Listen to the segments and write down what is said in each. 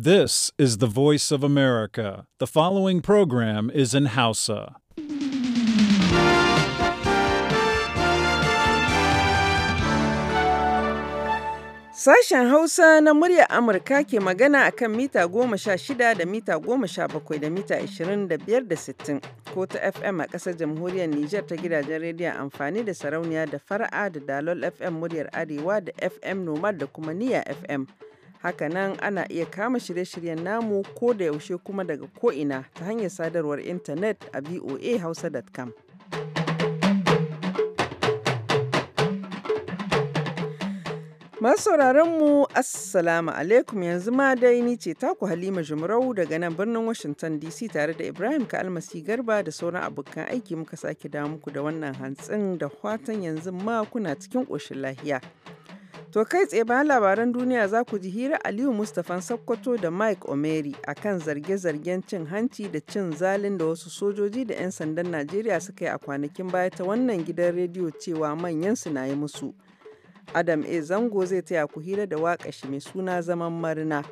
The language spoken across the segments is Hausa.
This is the voice of America. The following program is in Hausa. Sashen Hausa na muryar Amurka ke magana a kan mita goma sha shida da mita goma sha bakwai da mita ishirin da biyar da sittin ko ta FM a ƙasar jamhuriyar Nijar ta gidajen rediyon amfani da sarauniya da fara'a da dalol FM muryar Arewa da FM Nomad da kuma Niya FM. Hakanan ana iya kama shirye-shiryen namu ko da yaushe kuma daga ko'ina ta hanyar sadarwar intanet a voahausa.com. Masu mu Assalamu alaikum yanzu ma dai ni ce taku Halima Jumrau daga nan birnin Washington DC tare da Ibrahim Kalmasi Garba da sauran abokan aiki muka sake damu muku da wannan hantsin da fatan yanzu ma kuna cikin ƙoshin lahiya. To kai tsaye bayan labaran duniya za ku ji hira Aliyu Mustafan Sokoto da Mike Omeri a kan zarge-zargen cin hanci da cin zalin da wasu sojoji da 'yan sandan Najeriya suka yi a kwanakin baya ta wannan gidan rediyo cewa manyan su na yi musu. Adam A. Zango zai taya ku hira da waƙa shi mai suna zaman marina.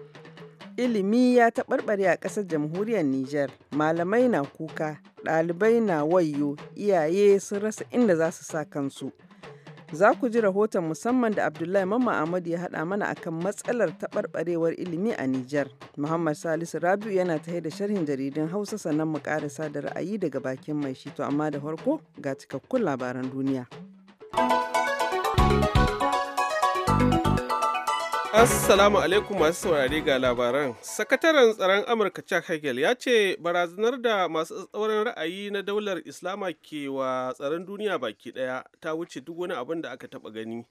Ilimi ya taɓarɓare a ƙasar jamhuriyar Nijar, malamai na kuka, ɗalibai na wayo, iyaye sun rasa inda za su sa kansu. Za ku ji rahoton musamman da Abdullahi Mamma ahmadu ya haɗa mana akan matsalar taɓarɓarewar ilimi a Nijar. Muhammad Salisu Rabiu yana tahe da sharhin jaridun Hausa sannan mu ƙara da ra'ayi daga bakin mai shi to amma da farko ga cikakkun labaran duniya. Assalamu alaikum masu saurare ga labaran. Sakataren tsaron Amurka Chuck Hagel ya ce barazanar da masu tsauran ra'ayi na daular Islama ke wa tsaron duniya baki daya ta wuce duk wani abin da aka taba gani.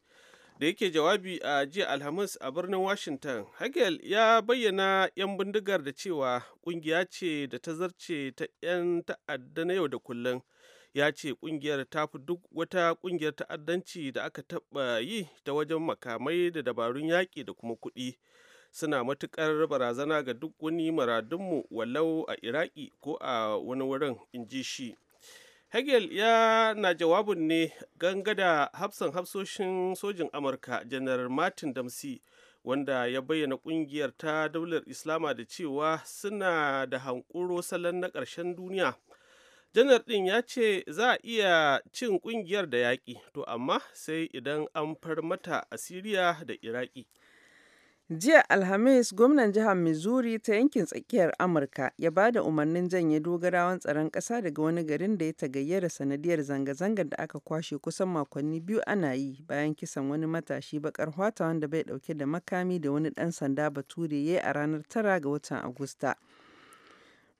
Da yake jawabi a jiya Alhamis a birnin Washington, Hagel ya bayyana 'yan bindigar da cewa kungiya ce da ta zarce ta 'yan ta'adda na yau da kullum. ya ce kungiyar ta fi duk wata kungiyar ta'addanci da aka taɓa yi ta wajen makamai da dabarun yaƙi da kuma kuɗi suna matuƙar barazana ga duk wani maradunmu walau a iraki ko a wani wurin in ji shi hegel ya na jawabin ne gangada hafsan hafsoshin sojin amurka janar martin damsi wanda ya bayyana kungiyar ta daular islama da cewa suna da hankuro salon na ƙarshen duniya janar ɗin ya ce za a iya cin ƙungiyar da yaƙi to amma sai idan an far mata a siriya da iraki jiya alhamis gwamnan jihar missouri ta yankin tsakiyar amurka ya ba da umarnin janye dogarawan tsaron ƙasa daga wani garin da ya tagayyara sanadiyar zanga-zangar da aka kwashe kusan makonni biyu ana yi bayan kisan wani matashi bakar hwata wanda bai dauke da makami da wani ɗan sanda bature ya yi a ranar 9 ga watan agusta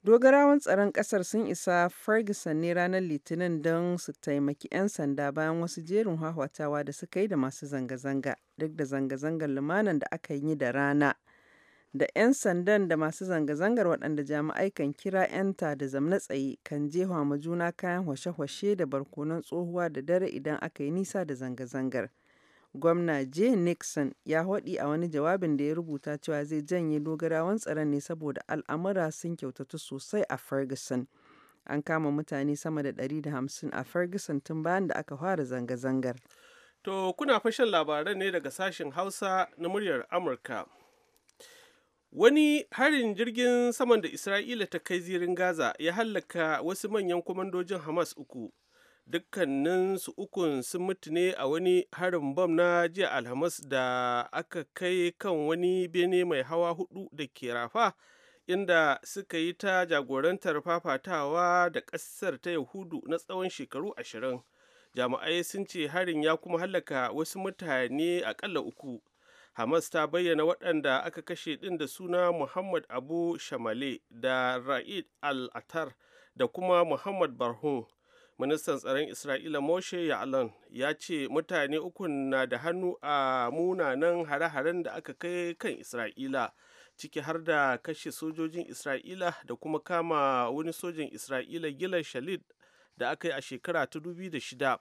Dogarawan tsaron kasar sun isa Ferguson ne ranar Litinin don su taimaki 'yan sanda bayan wasu jerin hahwatawa da suka yi da masu zanga-zanga, duk da zanga-zangar lumanan da aka yi da rana. Da 'yan sandan da masu zanga-zangar waɗanda jami'ai kan kira 'yanta da zamna tsaye kan jefa ma juna kayan hwashe-hwashe da barkonon tsohuwa da dare idan aka yi nisa da zanga-zangar. Gwamna J. Nixon ya haɗi a wani jawabin da ya rubuta cewa zai janye dogarawan tsaron ne saboda al'amura sun kyautatu sosai a Ferguson. An kama mutane sama da 150 a Ferguson tun bayan da aka fara zanga-zangar. To kuna fashin labaran ne daga sashen Hausa na muryar Amurka. Wani harin jirgin saman da Isra'ila ta kai zirin Gaza ya hallaka wasu manyan kwamandojin Hamas uku, dukkanin su ukun sun mutu ne a wani harin bom na jiya alhamis da aka kai kan wani bene mai hawa hudu da ke rafa inda suka yi ta jagorantar fafatawa da ƙasar ta yahudu na tsawon shekaru ashirin jami'ai sun ce harin ya kuma hallaka wasu mutane akalla uku hamas ta bayyana waɗanda aka kashe ɗin da suna muhammad abu shamale da ra'id al-atar da kuma muhammad barhun ministan tsaron isra'ila moshe ya'alan ya ce mutane uku na da hannu a munanan hare-haren da aka kai kan isra'ila ciki har da kashe sojojin isra'ila da kuma kama wani sojin isra'ila gilan shalid da aka yi a shekara ta da shida.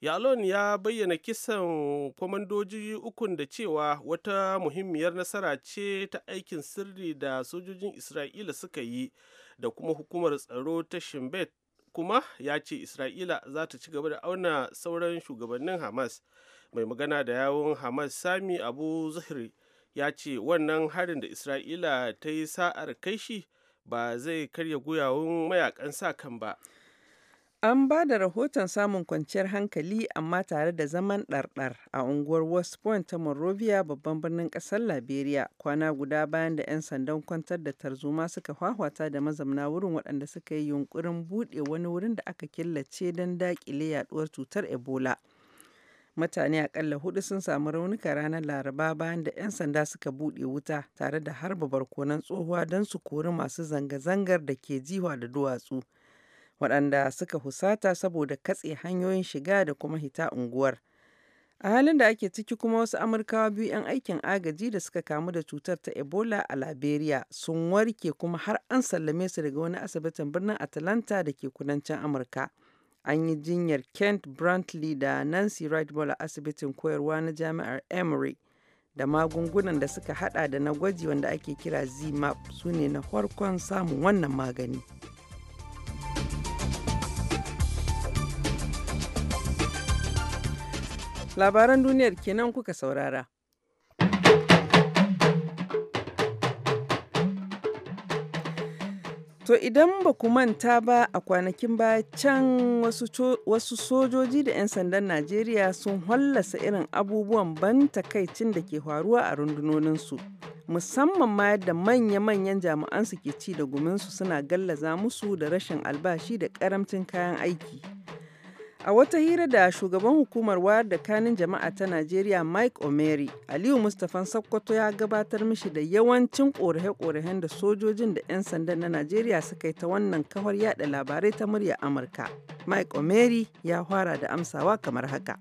yalon ya bayyana kisan kwamandoji ukun da cewa wata muhimmiyar nasara ce ta aikin sirri da sojojin isra'ila suka yi da kuma hukumar tsaro ta shimbet kuma ya ce isra'ila za ta ci gaba da auna sauran shugabannin hamas mai magana da yawon hamas sami abu zuhri ya ce wannan harin da isra'ila ta yi sa'ar kai shi ba zai karya guyawun mayakan sa kan ba An ba da rahoton samun kwanciyar hankali amma tare da zaman ɗarɗar a unguwar West Point ta Monrovia babban birnin ƙasar Liberia kwana guda bayan da 'yan sandan kwantar da tarzoma suka hwahwata da mazamna wurin waɗanda suka yi yunkurin buɗe wani wurin da aka killace don daƙile yaɗuwar cutar Ebola. Mutane aƙalla hudu sun samu raunuka ranar Laraba bayan da 'yan sanda suka buɗe wuta tare da harba barkonan tsohuwa don su kori masu zanga-zangar da ke jiwa da duwatsu. waɗanda suka husata saboda katse hanyoyin shiga da kuma hita unguwar. A halin da ake ciki kuma wasu Amurkawa biyu 'yan aikin agaji da suka kamu da cutar ta Ebola a Liberia sun warke kuma har an sallame su daga wani asibitin birnin Atlanta da ke kudancin Amurka. An yi jinyar Kent Brantley da Nancy Wrightball a asibitin koyarwa na jami'ar Emory da magungunan da suka hada da na gwaji wanda ake kira ZMAP su ne na farkon samun wannan magani. Labaran duniyar kenan kuka saurara. To idan ba ku manta ba a kwanakin baya can wasu, sojoji da 'yan sandan Najeriya sun hollasa irin abubuwan ban takaicin da ke faruwa a rundunoninsu. Musamman ma yadda manya-manyan jami'ansu ke ci da guminsu suna gallaza musu da rashin albashi da karamcin kayan aiki. A wata hira da shugaban hukumar wayar da kanin jama'a ta Najeriya Mike Omeri, Aliyu Mustafan Sokoto ya gabatar mishi da yawancin korahe-korahen da sojojin da 'yan sandan na Najeriya suka yi ta wannan kawar yada labarai ta murya Amurka. Mike Omeri ya fara da amsawa kamar haka.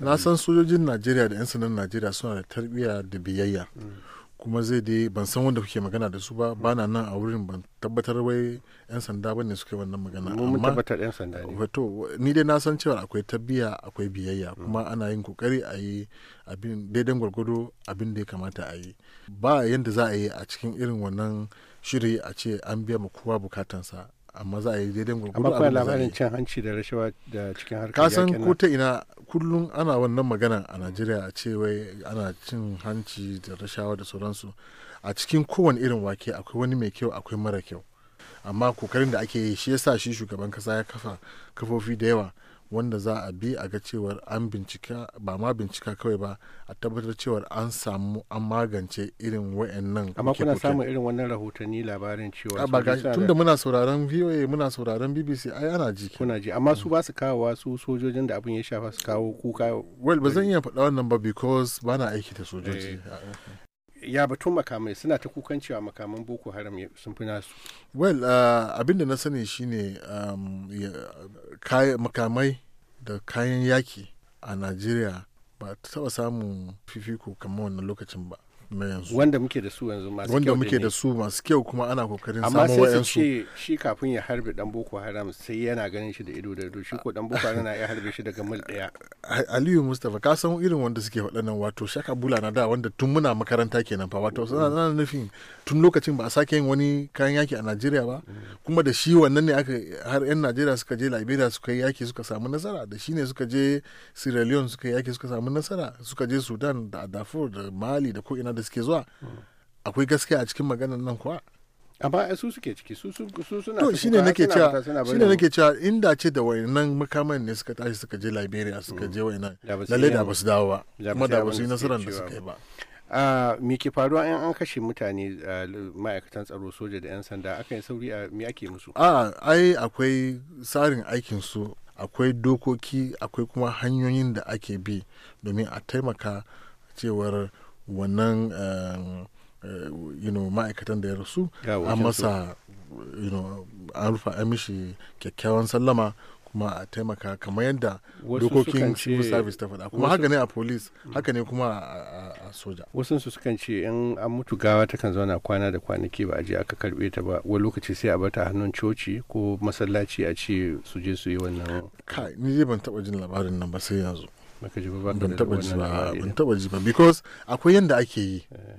Na san sojojin Najeriya da 'yan sandan Najeriya suna da tarbiyya da biyayya. kuma zai dai ban san wanda kuke magana da su ba ba na nan a wurin ban tabbatar wai yan sanda bane suke wannan magana amma wato ni dai na san cewa akwai tabbiya akwai biyayya mm. kuma ana yin kokari a yi abin daidan gwargwado abin da ya kamata a yi ba yanda za a yi a cikin irin wannan shiri a ce an biya ma kowa bukatansa amma za a yi daidai amma kuma labarin cin hanci da rashawa da cikin harkar kasan ko ta ina kullum ana wannan magana a najeriya a ce wai ana cin hanci da rashawa da sauransu a cikin kowane irin wake akwai wani mai kyau akwai mara kyau amma kokarin da ake yi shi yasa shi shugaban kasa ya kafa kafofi da yawa wanda za a bi a ga cewar an bincika ba ma bincika kawai ba a tabbatar cewar an samu an magance irin wa'annan amma kuna samun irin wannan rahotanni labarin cewa ah, ba ga tunda muna sauraron VOA muna sauraron BBC ai ana ji kuna ji amma su ba su kawowa su sojojin da abin ya shafa su kawo kuka well ba zan iya faɗa wannan ba because ba na aiki da sojoji eh. ya batun makamai suna ta kukan cewa makaman boko haram sun fi nasu well uh, abinda na sani shine um, makamai da kayan yaki a najeriya ba ta taba samun fifiko kamar wannan lokacin ba wanda muke da su yanzu masu kyau wanda muke da su masu kyau kuma ana kokarin samun wayansu amma sai ce shi kafin ya harbe dan boko haram sai yana ganin shi da ido da ido shi ko dan boko haram ya harbe shi daga mil daya aliyu mustafa ka san irin wanda suke waɗannan wato shaka bula na da wanda tun muna makaranta kenan fa wato suna na nufin tun lokacin ba a sake yin wani kayan yaki a najeriya ba kuma da shi wannan ne aka har yan najeriya suka je liberia suka yi yaki suka samu nasara da shi ne suka je sierra leone suka yi yaki suka samu nasara suka je sudan da darfur da mali da ko ina da suke zuwa akwai gaskiya a cikin maganar nan kuwa amma su suke ciki su suna to shine nake cewa shine nake cewa inda ce da wayannan makaman ne suka tashi suka je Liberia suka mm. je wayannan lalle da basu dawo ba kuma da basu yi nasarar da suka yi ba me ke faruwa in an kashe mutane ma'aikatan tsaro soja da 'yan sanda aka yi sauri a me ake musu a ai akwai tsarin aikin su akwai dokoki akwai kuma hanyoyin da ake bi domin a taimaka cewar wannan um, uh, ma'aikatan da ya rasu an masa you an rufa an mishi kyakkyawan sallama kuma a taimaka kamar yadda dokokin civil service ta faɗa kuma haka ne a police haka ne kuma a soja wasu su sukan ce in an mutu gawa takan zauna kwana da kwanaki ba a je aka karbe ta ba wani lokaci sai a bata hannun coci ko masallaci a ce su je su yi wannan kai ni ban taba jin labarin nan ba sai yanzu baka ji ban because akwai yanda ake yi eh.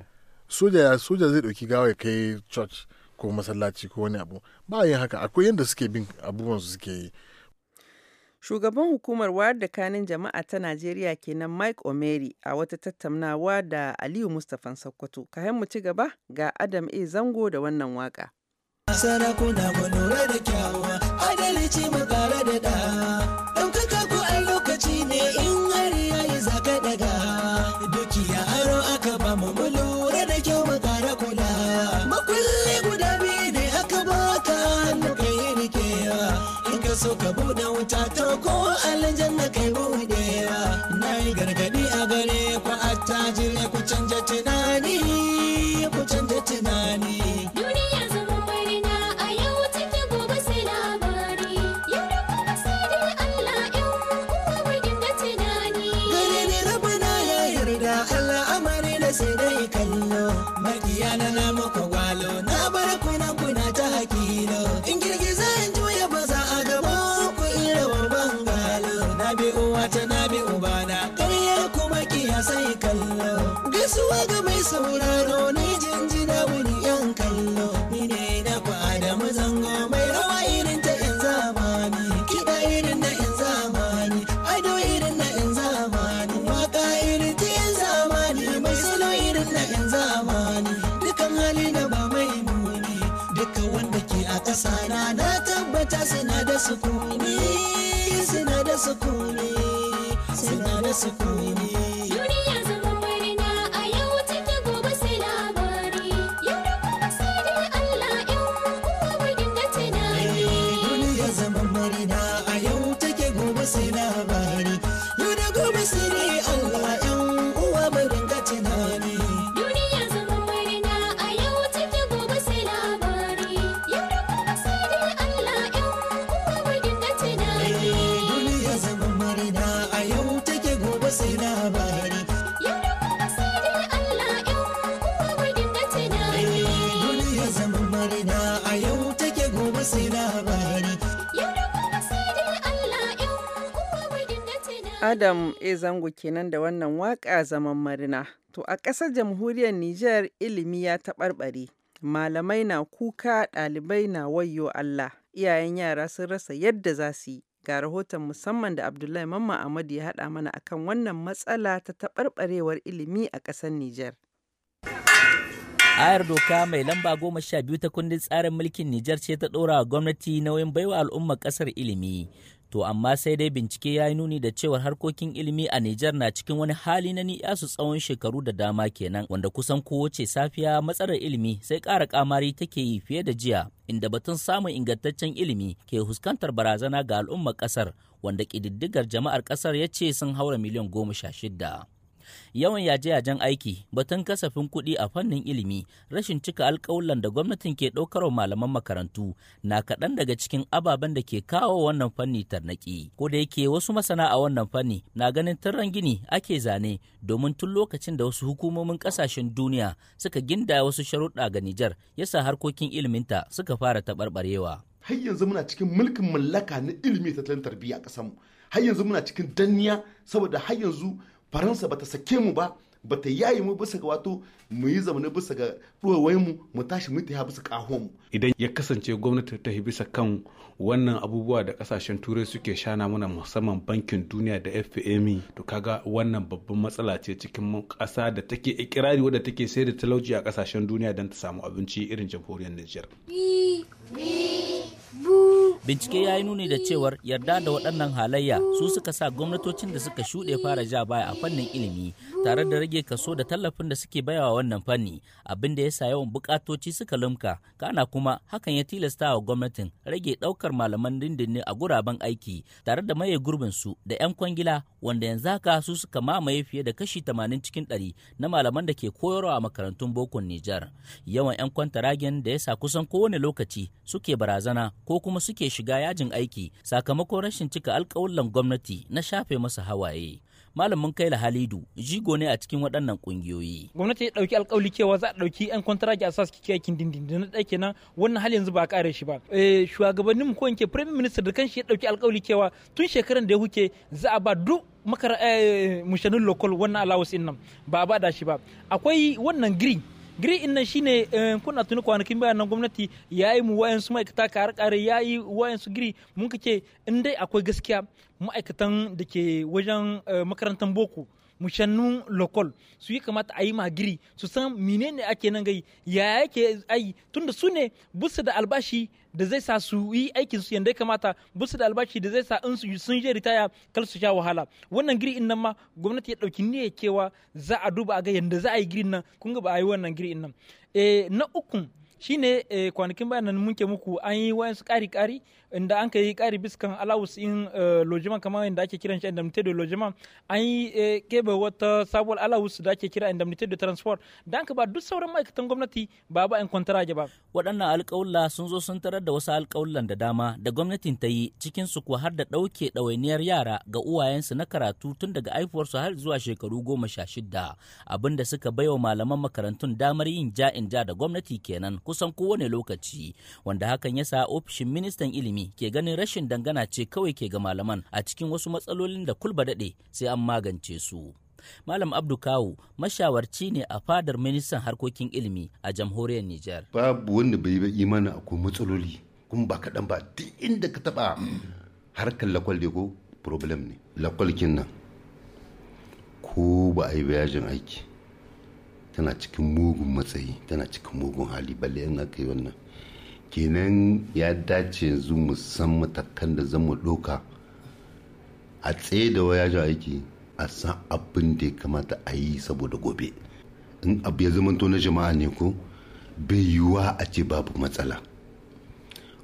soja soja zai dauki gawa kai church ko masallaci ko wani abu ba yin haka akwai yanda suke bin abubuwan su suke yi Shugaban hukumar wayar da kanin jama'a ta Najeriya kenan Mike Omeri a wata tattaunawa da Aliyu Mustapha Sokoto. Kayan mu ci gaba ga Adam A. Zango da wannan waka. Sarakuna ku da adalci mu da so ka buɗe wuta to ko aljanna kai bude na yi gargadi a gare ku ne ku canja tunani matasa na na tabbata suna da sukuni suna da sukuni suna da sukuni Adam E zango kenan da wannan waƙa zaman marina. To a ƙasar jamhuriyar Nijar ilimi ya taɓarɓare. Malamai na kuka ɗalibai na wayo Allah. Iyayen yara sun rasa yadda za su yi. Ga rahoton musamman da Abdullahi Mamma Ahmad ya haɗa mana akan wannan matsala ta taɓarɓarewar ilimi a ƙasar Nijar. Ayar doka mai lamba goma sha biyu ta kundin tsarin mulkin Nijar ce ta ɗora wa gwamnati nauyin baiwa al'umma ƙasar ilimi To amma sai dai bincike ya yi nuni da cewar harkokin ilimi a Nijar na cikin wani hali na su tsawon shekaru da dama kenan wanda kusan kowace safiya matsalar ilimi sai ƙara kamari take yi fiye da jiya inda batun samun ingantaccen ilimi ke huskantar barazana ga al'ummar ƙasar wanda ƙididdigar jama'ar ƙasar ya ce sun haura miliyan goma sha shida. yawan yaje-yajen aiki batun kasafin kuɗi a fannin ilimi rashin cika alƙawulan da gwamnatin ke ɗaukar malaman makarantu na kaɗan daga cikin ababen da ke kawo wannan fanni tarnaƙi ko da yake wasu masana a wannan fanni na ganin tarran gini ake zane domin tun lokacin da wasu hukumomin ƙasashen duniya suka ginda wasu sharuɗa ga Nijar yasa harkokin iliminta suka fara taɓarɓarewa. har yanzu muna cikin mulkin mallaka na ilimi tattalin tarbiyya a ƙasarmu har yanzu muna cikin danniya saboda har yanzu faransa bata sake mu ba bata yayi mu bisa ga wato mu yi zamani bisa ga ɗuwawai mu mu tashi mu ta bisa kahon mu idan ya kasance gwamnati ta yi bisa kan wannan abubuwa da kasashen turai suke shana mana musamman bankin duniya da FPME to kaga wannan babban matsala ce cikin ƙasa da take ikirari wadda take sai da talauci a kasashen duniya don ta samu abinci irin jamhuriyar Nijar. Bi, bi, bu. bincike ya yi nuni da cewar yarda da waɗannan halayya su suka sa gwamnatocin da suka shuɗe fara ja baya a fannin ilimi tare da rage kaso da tallafin da suke bayawa wannan fanni abin da ya sa yawan buƙatoci suka lumka kana kuma hakan ya tilasta wa gwamnatin rage ɗaukar malaman dindindin a guraben aiki tare da maye gurbin su da 'yan kwangila wanda yanzu haka su suka mamaye fiye da kashi tamanin cikin ɗari na malaman da ke koyarwa a makarantun bokon Nijar yawan 'yan kwanta kwantaragen da ya sa kusan kowane lokaci suke barazana ko kuma suke shiga yajin aiki sakamakon rashin cika alkawullan gwamnati na shafe masa hawaye. Malamin Kaila Halidu jigo ne a cikin waɗannan ƙungiyoyi. Gwamnati ya ɗauki alƙawli cewa za a ɗauki 'yan kwantaragi a sasu kike aikin dindindin na ɗaki nan wannan hal yanzu ba a ƙare shi ba. Eh, Shugabannin ko yanke Prime Minister da kanshi ya ɗauki alƙawli cewa tun shekaran da ya huke za a ba duk makar eh, mushanin lokal wannan alawus nan ba a ba da shi ba. Akwai wannan green giri nan shine eh, kuna tuni kwanakin bayan nan gwamnati ya yi mu wayansu ma'aikata kare kare ya yi wayansu giri mun kace in dai akwai gaskiya ma'aikatan da ke wajen eh, makarantar boko shannu lokol su yi kamata a yi magiri su san menene ake nan gai ya yake ai tunda su ne busu da albashi da zai sa su yi aikin su yadda ya kamata busu da albashi da zai sa in su sun je ritaya kar su sha wahala wannan giri in nan ma gwamnati ya dauki niyyar kewa za a duba a ga yadda za a yi giri nan kun ga ba a yi wannan giri in nan eh, na ukun shine eh, kwanakin bayan nan muke muku an yi wayansu kari-kari inda an ka yi kari biskan alawus in eh, lojiman kamar yadda ake kiran shi indemnity da lojiman an yi eh, kebe wata sabuwar alawus da ake kira indemnity da transport da an ba duk sauran ma'aikatan gwamnati ba ba in kwantaraje ba waɗannan alƙawulla sun zo sun tarar da wasu alƙawullan da dama da gwamnatin ta yi cikin su kuwa har da ɗauke ɗawainiyar yara ga uwayensu na karatu tun daga aifuwarsu har zuwa shekaru goma sha shida abinda suka bai wa malaman makarantun damar yin ja'in ja da gwamnati kenan kusan kowane lokaci wanda hakan ya sa ofishin ministan ilimi ilimi ke ganin rashin dangana ce kawai ke ga malaman a cikin wasu matsalolin da kulba daɗe sai an magance su. Malam Abdu Kawu mashawarci ne a fadar ministan harkokin ilimi a jamhuriyar Nijar. Babu wanda bai yi mana akwai matsaloli kuma ba kaɗan ba duk inda ka taɓa harkar lakwal ko problem ne. Lakwal nan ko ba a yi bayajin aiki tana cikin mugun matsayi tana cikin mugun hali balle in aka wannan. kenan ya dace yanzu mu san matakan da zan mu a tsaye da waya ja aiki a san abin da ya kamata a yi saboda gobe in abu ya zama na jama'a ne ko bai yiwuwa a ce babu matsala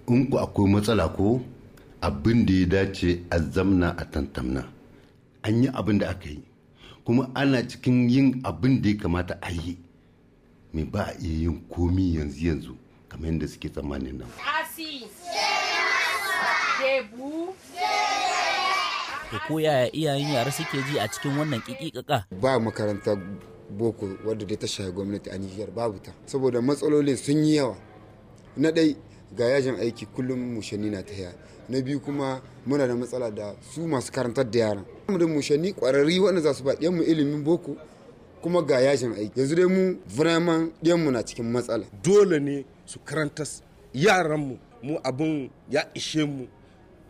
in ku akwai matsala ko abin da ya dace a zamna a tantamna an yi abin da aka yi kuma ana cikin yin abin da ya kamata a yi mai ba a iya yin komi yanzu yanzu kamar yadda suke tsammanin nan. Asi! Debu! To eh, ko yaya iyayen yara suke ji a cikin wannan kikikaka? Ba makaranta boko wadda dai ta shaye gwamnati a Nijar babu ta. Saboda matsalolin sun yi yawa. Na ɗai ga yajin aiki kullum mushani na ta na biyu kuma muna da matsala da su masu karantar da yaran. Mu da mushani ƙwararri wanda za su ba mu ilimin boko kuma ga yashin aiki yanzu dai mu vraiment mu na cikin matsala dole ne su karanta yaran mu abin ya ishe mu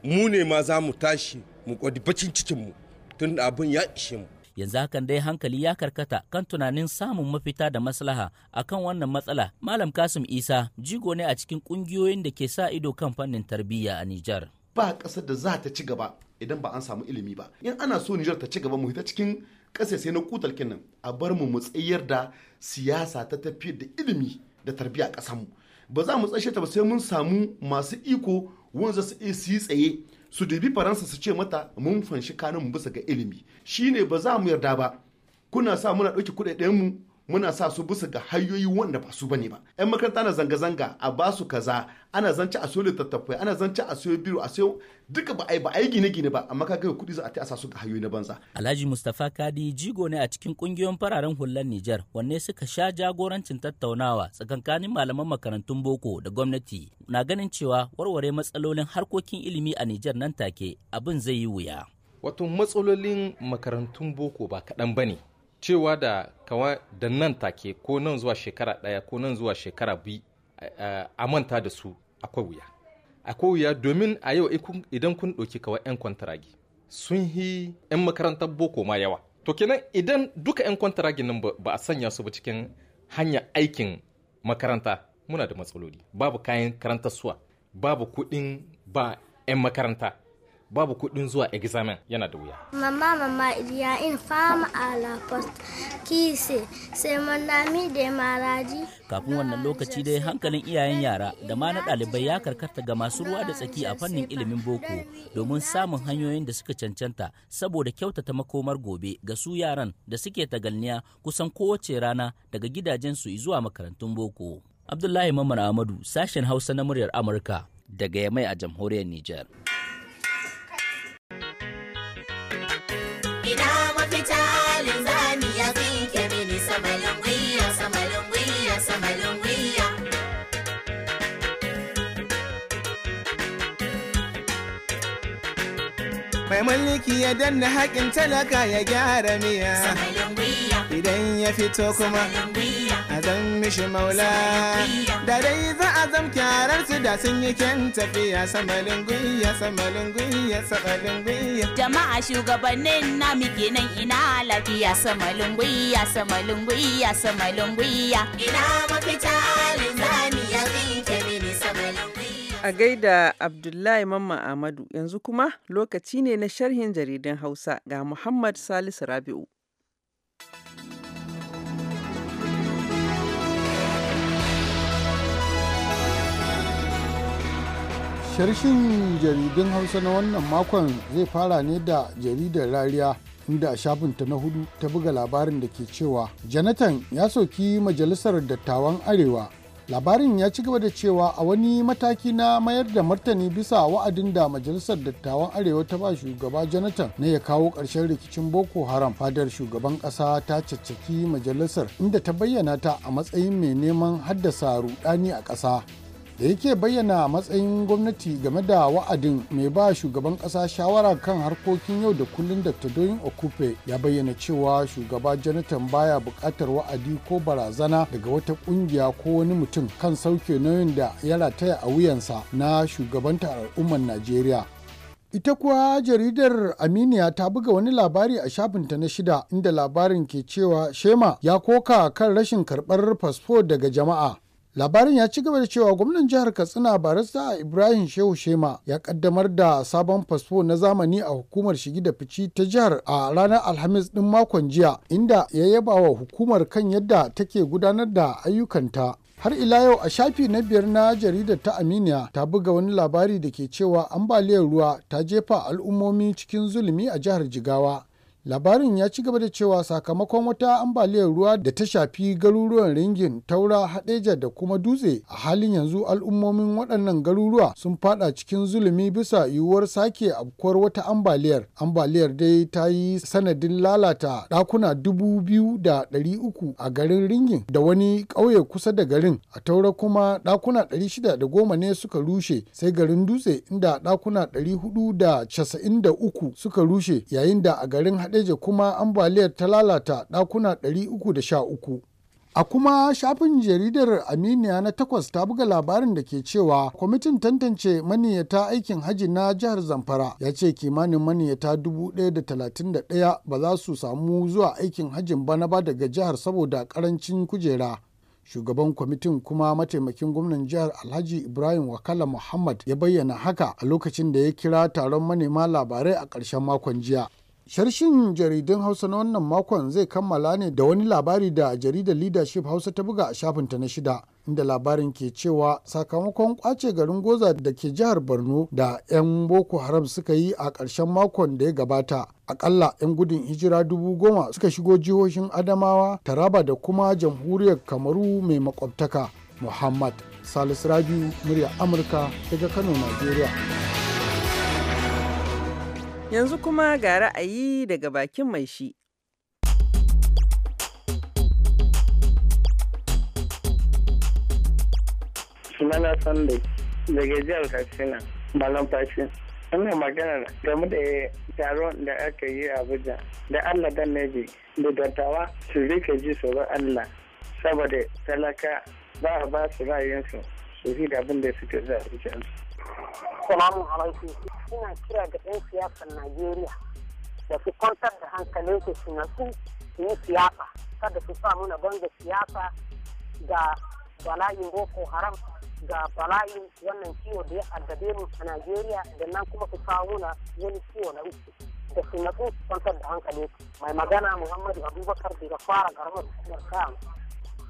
mu ne ma za mu tashi mu kwadi bacin mu tun abin ya ishe mu yanzu hakan dai hankali ya karkata kan tunanin samun mafita da maslaha akan wannan matsala malam kasim isa jigo ne a cikin kungiyoyin da ke sa ido kan fannin tarbiyya a nijar ba ƙasar da za ta ci gaba idan ba an samu ilimi ba in ana so nijar ta ci gaba mu fita cikin ƙasa sai na kutal kinan a bar mu mu tsayar da siyasa ta tafi da ilimi da tarbiyya ƙasar mu ba za mu tsashe ta ba sai mun samu masu iko wanda su iya su tsaye su dubi faransa su ce mata mun fanshi kanin bisa ga ilimi shine ba za mu yarda ba kuna sa muna ɗauki kuɗaɗen mu muna sa su bisa ga hanyoyi wanda ba su bane ba yan makaranta na zanga-zanga a ba su kaza ana zance a soyo tattafai ana zance a soyo biro a soyo duka ba a yi ba a yi gine-gine ba amma ka gaya kuɗi za a ta sa su ga hanyoyi na banza. alhaji mustapha kadi jigo ne a cikin ƙungiyoyin fararen hular nijar wanne suka sha jagorancin tattaunawa tsakankanin malaman makarantun boko da gwamnati na ganin cewa warware matsalolin harkokin ilimi a nijar nan take abin zai yi wuya. wato matsalolin makarantun boko ba kaɗan ba ne cewa da kawa da nan take ko nan zuwa shekara ɗaya ko nan zuwa shekara biyu a manta da su akwai wuya akwai wuya domin a yau idan kun ɗauki kawai 'yan kwantaragi sun yi 'yan makarantar boko ma yawa to kenan idan duka 'yan kwantaragi nan ba a sanya su ba cikin hanya aikin makaranta muna da matsaloli babu kayan karantar suwa babu kuɗin ba 'yan makaranta babu kudin zuwa examen yana da wuya. Mama mama iya in fama a la post kise sai mi da maraji. Kafin wannan lokaci dai hankalin iyayen yara da ma na ɗalibai ya karkata ga masu ruwa da tsaki a fannin ilimin boko domin samun hanyoyin da suka cancanta saboda kyautata makomar gobe ga su yaran da suke tagalniya kusan kowace rana daga gidajensu zuwa makarantun boko. Abdullahi Mamman Ahmadu sashen Hausa na muryar Amurka daga Yamai a jamhuriyar Nijar. mulki ya danna haƙin talaka ya gyara miya idan ya fito kuma a zan mishi maula da dai za a zam kyarar su da sun yi kyan tafiya samalin gwiya samalin gwiya samalin gwiya jama'a shugabannin muke kenan ina lafiya samalin gwiya samalin gwiya samalin gwiya ina mafita A gaida Abdullahi Mamma Ahmadu yanzu kuma lokaci ne na sharhin jaridun Hausa ga Muhammad Salisu Rabi'u. Sharshin jaridun Hausa na wannan makon zai fara ne da jaridar rariya inda a shafinta na hudu ta buga labarin da ke cewa Jonathan ya soki majalisar dattawan Arewa labarin ya ci gaba da cewa a wani mataki na mayar da martani bisa wa'adin da majalisar dattawan arewa ta ba shugaba jonathan ne ya kawo ƙarshen rikicin boko haram fadar shugaban ƙasa ta caccaki majalisar inda ta bayyana ta a matsayin mai neman haddasa rudani a ƙasa da yake bayyana matsayin gwamnati game da wa'adin mai ba shugaban kasa shawara kan harkokin yau da kullun da tadoyin okupe ya bayyana cewa shugaba jonathan baya bukatar wa'adi ko barazana daga wata kungiya ko wani mutum kan sauke nauyin da ya rataya a wuyansa na shugabanta al'ummar najeriya Ita kuwa jaridar Aminiya ta buga wani labari a shafinta na shida inda labarin ke cewa Shema ya koka kan rashin karɓar fasfo daga jama'a labarin ya ci gaba da cewa gwamnan jihar katsina barista ibrahim shehu shema ya kaddamar da sabon fasfo na zamani a hukumar shigi da fici ta jihar a ranar alhamis din makon jiya inda ya yaba wa hukumar kan yadda take gudanar da ayyukanta har ila yau a shafi na biyar na jaridar ta aminiya ta buga wani labari da ke cewa ambaliyar ruwa ta jefa al'ummomi cikin zulumi a jihar jigawa labarin ya ci gaba da cewa sakamakon wata ambaliyar ruwa da ta shafi garuruwan ringin taura hadeja da kuma dutse a halin yanzu al'ummomin waɗannan garuruwa sun fada cikin zulumi bisa yiwuwar sake afkuwar wata ambaliyar ambaliyar dai ta yi sanadin lalata ɗakuna dubu biyu da ɗari uku a garin ringin da wani ƙauye kusa da garin a taura kuma ɗakuna ɗari shida da goma ne suka rushe sai garin dutse inda ɗakuna ɗari hudu da casa'in da uku suka rushe yayin da a garin ɗaje kuma ambaliyar ta lalata ɗakuna 313. A kuma shafin jaridar Aminiya na takwas ta buga labarin da ke cewa kwamitin tantance maniyyata aikin hajji na jihar Zamfara ya ce kimanin maniyyata 1,031 ba za su samu zuwa aikin hajjin bana ba daga jihar saboda karancin kujera. shugaban kwamitin kuma mataimakin gwamnan jihar alhaji ibrahim wakala muhammad ya bayyana haka a lokacin da ya kira taron manema labarai a ƙarshen makon jiya Sharshin jaridun Hausa na wannan makon zai kammala ne da wani labari da jaridar Leadership Hausa ta buga a shafinta na shida, inda labarin ke cewa sakamakon kwace garin Goza da ke jihar Borno da 'yan Boko Haram suka yi a ƙarshen makon da ya gabata. Akalla 'yan gudun hijira dubu goma suka shigo jihohin Adamawa, Taraba da kuma jamhuriyar Kamaru mai makwabtaka. Muhammad Salisu Rabiu, murya Amurka daga Kano, Najeriya. Yanzu kuma ga ra'ayi daga bakin mai shi. Sunana Sunday daga jihar Katsina, Malam Fashi. Ina magana game da taron da aka yi a Abuja da Allah dan Neji, da dattawa su rike ji tsoron Allah saboda talaka ba a ba su ra'ayinsu su fi da abin da suke za a Assalamu alaikum. Ina kira ga 'yan siyasar Najeriya da su kwantar da hankalin su su natsu su yi siyasa. Kada su sa muna banda siyasa ga bala'in Boko Haram ga bala'in wannan ciwo da ya addabe mu a Najeriya da nan kuma su kawo muna wani ciwo na uku. Da su natsu su kwantar da hankalin Mai magana Muhammadu Abubakar daga fara garmar hukumar kayan.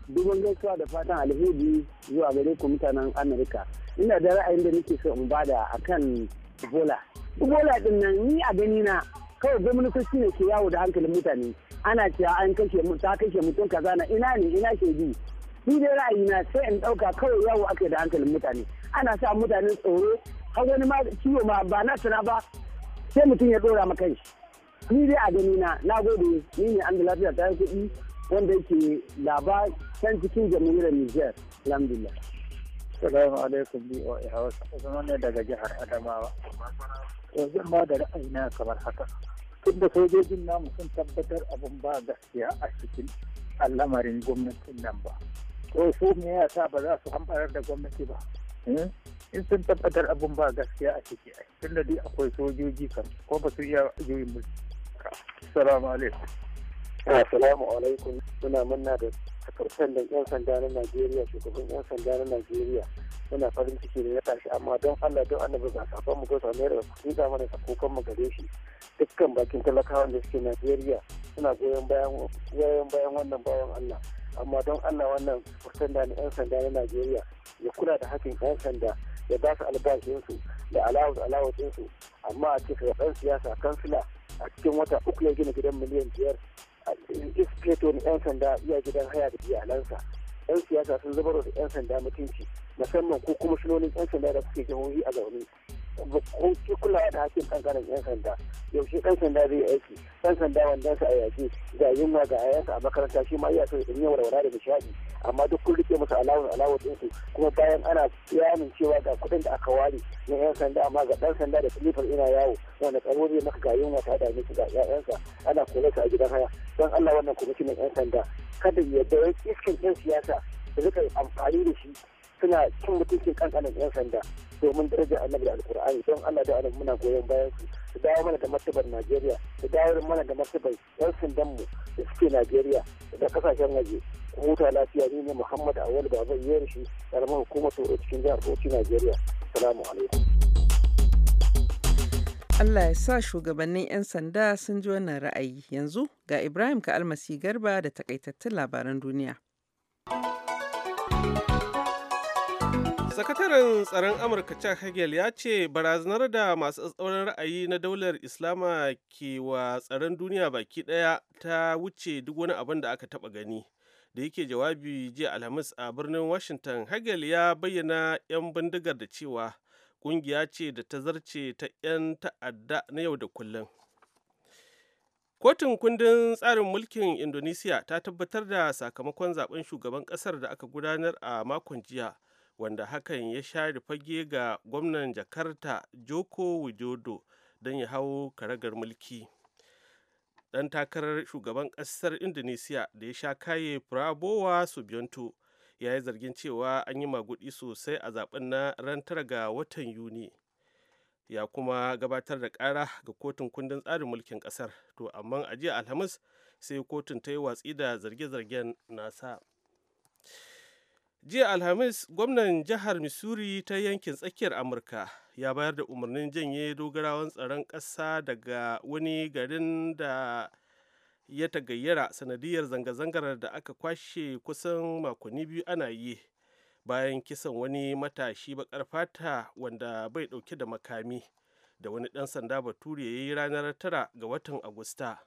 dubin gaisuwa da fatan alheri zuwa gare ku mutanen amurka ina da ra'ayin da nake so in bada kan bola bola din nan ni a gani na kawai gwamnatoci ne ke yawo da hankalin mutane ana cewa an kashe ta kashe mutum kaza na ina ne ina bi, ni dai ra'ayina sai in ɗauka kawai yawo aka da hankalin mutane ana sa mutane tsoro har wani ma ciwo ma ba na tana ba sai mutum ya dora ma shi, ni dai a gani na na gode ni ne an da lafiya ta kuɗi wanda yake laba can cikin jamhuriyar Nijar alhamdulillah. Salamu alaikum bi wa ihawa zama ne daga jihar Adamawa. To zan ba da ra'ayina kamar haka. Tun da sojojin namu sun tabbatar abun ba gaskiya a cikin al'amarin gwamnatin nan ba. To su me ya sa ba za su hambarar da gwamnati ba. Hmm? In sun tabbatar abun ba gaskiya a ciki ai. Tun da dai akwai sojoji kan ko ba su iya juyin mulki. Salamu alaikum. Assalamu alaikum suna manna da takarfan da 'yan sanda na Najeriya shugaban 'yan sanda na Najeriya muna farin ciki da ya tashi amma don Allah don annabi ba safan mu gausa ne da kuɗi mana sakokan mu gare shi dukkan bakin talakawan da suke Najeriya suna goyon bayan goyon bayan wannan bayan Allah amma don Allah wannan sanda na 'yan sanda na Najeriya ya kula da hakkin 'yan sanda ya ba su albashinsu da alawus alawusinsu amma a cikin ɗan siyasa kansila a cikin wata uku ya gina gidan miliyan biyar fito na 'yan sanda iya gidan haya da iyalansa 'yan siyasa sun zubar da 'yan sanda mutunci musamman ko kuma shinonin 'yan sanda da suke jihohi a zaune ba su ki kula da hakkin kankaren yan sanda yaushe ɗan sanda zai aiki ɗan sanda wandan sa a yaƙi ga yunwa ga ayansa a makaranta shi ma iya so in warwara da nishadi amma duk kun rike musu alawun alawun ɗinsu kuma bayan ana yamin cewa ga kuɗin da aka ware na yan sanda amma ga ɗan sanda da silifar ina yawo wanda tsaro zai maka ga yunwa ta dame su ga ƴaƴansa ana kula su a gidan haya don Allah wannan kwamishinan yan sanda kada ya da iskin yan siyasa da suka amfani da shi suna cin mutuncin kankanin yan sanda domin daraja annabi da alkur'ani don allah da alamu muna goyon bayan su su dawo mana da martabar najeriya su dawo mana da martabar yan sandan mu da suke najeriya da kasashen waje huta lafiya ne ne muhammad awal baba yerishi karamar hukumar tsoro cikin jihar bauchi najeriya salamu alaikum Allah ya sa shugabannin 'yan sanda sun ji wannan ra'ayi yanzu ga Ibrahim ka almasi garba da takaitattun labaran duniya. Sakataren tsaron Amurka Chuck Hagel ya ce barazanar da masu tsatsauran ra'ayi na daular Islama ke wa tsaron duniya baki ɗaya ta wuce duk wani abin da aka taɓa gani. Da yake jawabi jiya Alhamis a birnin Washington, Hagel ya bayyana 'yan bindigar da cewa ƙungiya ce da ta zarce ta 'yan ta'adda na yau da kullum. Kotun kundin tsarin mulkin Indonesiya ta tabbatar da sakamakon zaben shugaban ƙasar da aka gudanar a makon jiya. wanda hakan ya share fage ga gwamnan jakarta joko widodo don ya hau karagar mulki dan takarar shugaban kasar indonesiya da ya sha kaye prabowa subianto ya yi zargin cewa an yi magudi sosai a zaben na ran tara ga watan yuni ya kuma gabatar da kara ga kotun kundin tsarin mulkin kasar to amma a jiya alhamis sai kotun ta yi watsi da zarge-zargen nasa jiya alhamis gwamnan jihar missouri ta yankin tsakiyar amurka ya bayar da umarnin janye dogarawan tsaron ƙasa daga wani garin da ya tagayyara sanadiyar zanga-zangar da aka kwashe kusan makonni biyu ana yi bayan kisan wani matashi bakar fata wanda bai dauke da makami da wani dan sanda bature ya yi ranar tara ga watan agusta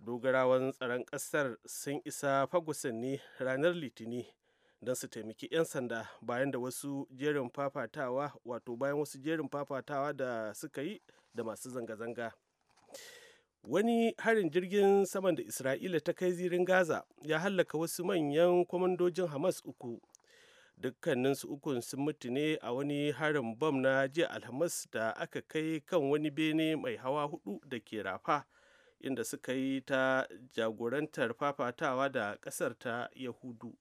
dogarawan tsaron ƙasar sun isa fagusan ne ranar litini don su taimaki 'yan sanda bayan da wasu jerin fafatawa wato bayan wasu jerin fafatawa da suka yi da masu zanga-zanga wani harin jirgin saman da isra'ila ta kai zirin gaza ya hallaka wasu manyan kwamandojin hamas uku dukkaninsu ukun sun mutu ne a wani harin bam na jiya alhamis da aka kai kan wani bene mai hawa hudu da ke rafa inda suka yi ta jagorantar fafatawa da kasar ta yahudu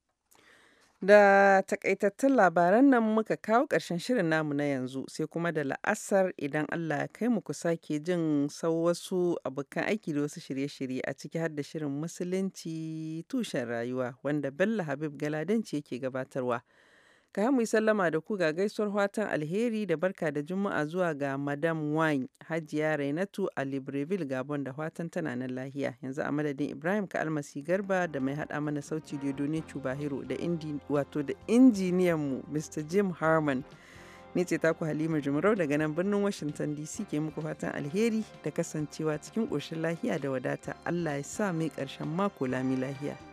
Da takaitattun labaran nan muka kawo ƙarshen shirin namu na yanzu sai kuma da la'asar idan Allah ya kai mu sake jin sau wasu abokan aiki da wasu shirye-shirye a ciki har da shirin musulunci tushen rayuwa wanda Bello Habib Galadanci yake gabatarwa. Kayan mu sallama da ku ga gaisuwar watan alheri da barka da juma'a zuwa ga Madam Wine Hajiya Rainatu a Libreville Gabon da watan tana nan lahiya. Yanzu a madadin Ibrahim ka almasi garba da mai hada mana sauti Diodone Chubahiro da indi wato da injiniyan mu Mr. Jim Harman. Ni ce taku Halima Jumarau daga nan birnin Washington DC ke muku fatan alheri da kasancewa cikin ƙoshin lahiya da wadata. Allah ya sa mai ƙarshen mako lami lahiya.